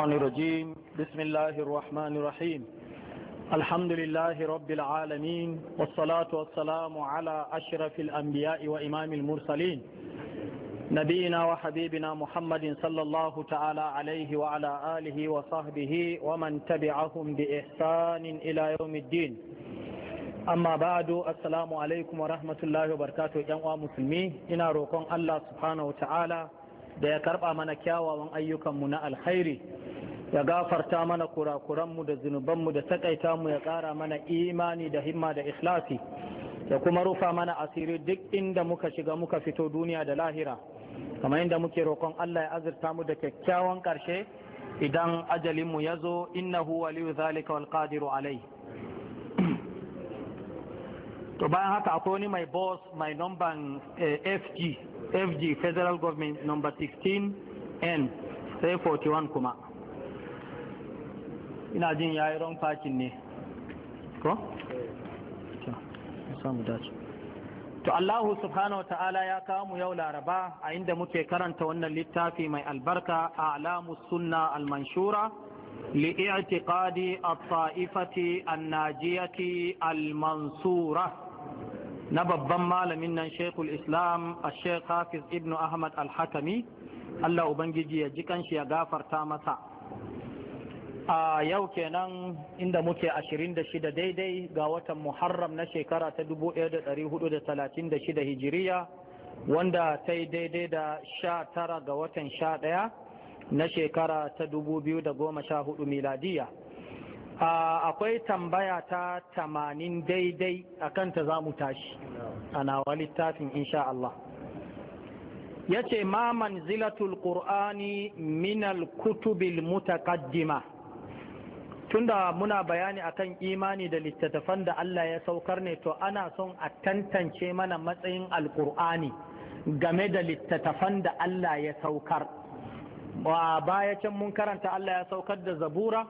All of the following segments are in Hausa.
الشيطان الرجيم بسم الله الرحمن الرحيم الحمد لله رب العالمين والصلاة والسلام على أشرف الأنبياء وإمام المرسلين نبينا وحبيبنا محمد صلى الله تعالى عليه وعلى آله وصحبه ومن تبعهم بإحسان إلى يوم الدين amma ba'adu assalamu alaikum wa rahmatullahi wa barakatuh yan uwa musulmi ina roƙon Allah subhanahu wa ta'ala da ya karba mana kyawawan ayyukanmu na alkhairi ya gafarta mana kurakuranmu da zunubanmu da takaita mu ya ƙara mana imani da himma da ikhlasi ya kuma rufa mana asiri duk inda muka shiga muka fito duniya da lahira kamar inda muke roƙon Allah ya azurta mu da kyakkyawan ƙarshe idan ajalinmu ya zo innahu waliyu zalika wal qadiru alai to bayan haka akwai wani mai boss mai number eh, FG FG Federal Government number 16 N sai 41 kuma ina jin yayi ron fakin ne ko to Allah subhanahu ta'ala ya kawo mu yau laraba a inda muke karanta wannan littafi mai albarka a'lamu sunna al-manshura li'i'tiqadi at-ta'ifati an-najiyati al-mansura na babban malamin nan shekul islam a sheikh hafiz Ibn ahmad al-hakami allah ubangiji ya ji kanshi ya gafarta masa a yau kenan inda muke 26 daidai ga watan muharram na shekara ta 1436 hijiriya wanda ta yi daidai da 19 ga watan 11 na shekara ta 2014 miladiya akwai tambaya ta 80 daidai a kanta za mu tashi a nawa littafin insha Allah ya ce ma manzilatul ƙur'ani minal kutubil mutaƙaddima tunda muna bayani akan imani da littattafan da Allah ya saukar ne to ana son a tantance mana matsayin alkur'ani game da littattafan da Allah ya saukar ba baya can mun karanta Allah ya saukar da zabura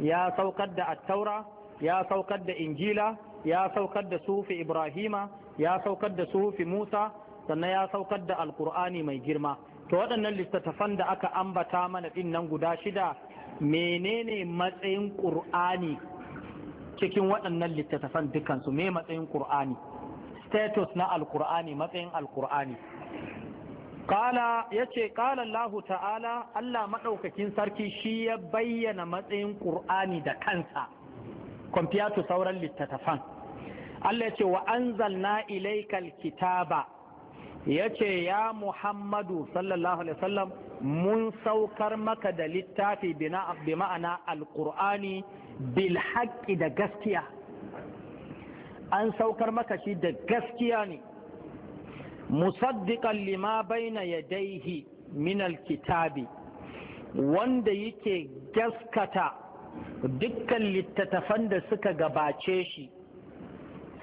ya saukar da attaura ya saukar da injila ya saukar da sufi ibrahima ya saukar da sufi musa sannan ya saukar da alkur'ani mai girma to waɗannan littattafan da aka ambata mana ɗin nan guda shida menene matsayin ƙur'ani cikin waɗannan littattafan dukansu me matsayin ƙur'ani status na alƙur'ani matsayin alƙur'ani kala ya ce kala Allah ta'ala Allah maɗaukakin sarki shi ya bayyana matsayin ƙur'ani da kansa Kwamfiyatu sauran littattafan Allah ya ce wa anzalna ilaikal kitaba ya ce ya muhammadu sallallahu alaihi wasallam mun saukar maka da littafi bi ma'ana alkur'ani bil haƙƙi da gaskiya an saukar maka shi da gaskiya ne musaddiƙan lima baina yadaihi min al-kitabi. wanda yake gaskata dukkan littattafan da suka gabace shi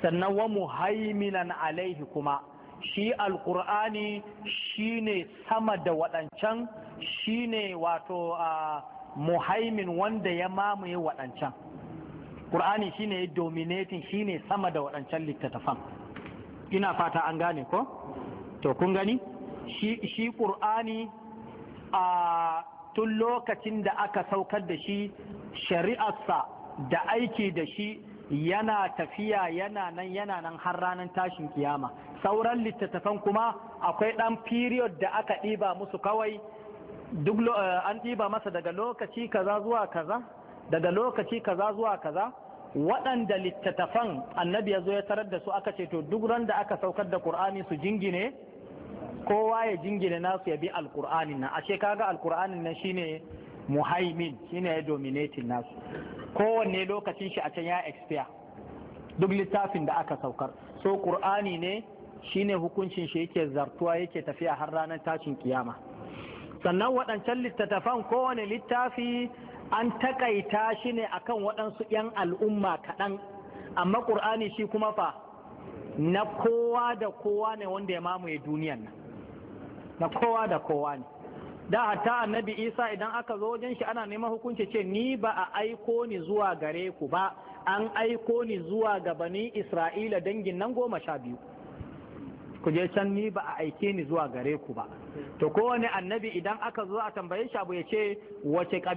sannan wa muhaiminan alaihi kuma shi alkur'ani shine sama da waɗancan shine wato a muhaimin wanda ya mamaye waɗancan ƙur'ani shine dominating shine sama da waɗancan littattafan ina fata an gane ko to kun gani shi ƙur'ani a tun lokacin da aka saukar da shi shari'arsa da aiki da shi yana tafiya yana nan yana nan har ranar tashin kiyama sauran littattafan kuma akwai ɗan period da aka ɗiba musu kawai duk eh, an ɗiba masa daga lokaci kaza zuwa kaza daga lokaci kaza zuwa kaza waɗanda littattafan annabi ya zo ya tarar da su aka ce to duk ran da aka saukar da qur'ani su jingine kowa ya jingine nasu ya bi alƙur'anin nan ashe kaga alqur'anin nan shine muhaimin shine ya dominating nasu kowanne lokacin shi a can ya expire duk littafin da aka saukar so qur'ani ne shine hukuncin shi yake zartuwa yake tafiya har ranar tashin kiyama sannan waɗancan littattafan kowane littafi an takaita shi ne akan waɗansu 'yan al'umma kaɗan amma ƙur'ani shi kuma fa na kowa da kowa ne wanda ya mamaye duniyan nan na kowa da kowa ne da hatta annabi isa idan aka zo wajen shi ana neman hukunci ce ni ba a aiko ni zuwa gare ku ba an aiko ni zuwa ga isra'ila dangin nan goma sha biyu ku je can ni ba a aike ni zuwa gare ku ba to kowane annabi idan aka zo a tambaye shi abu ya ce wace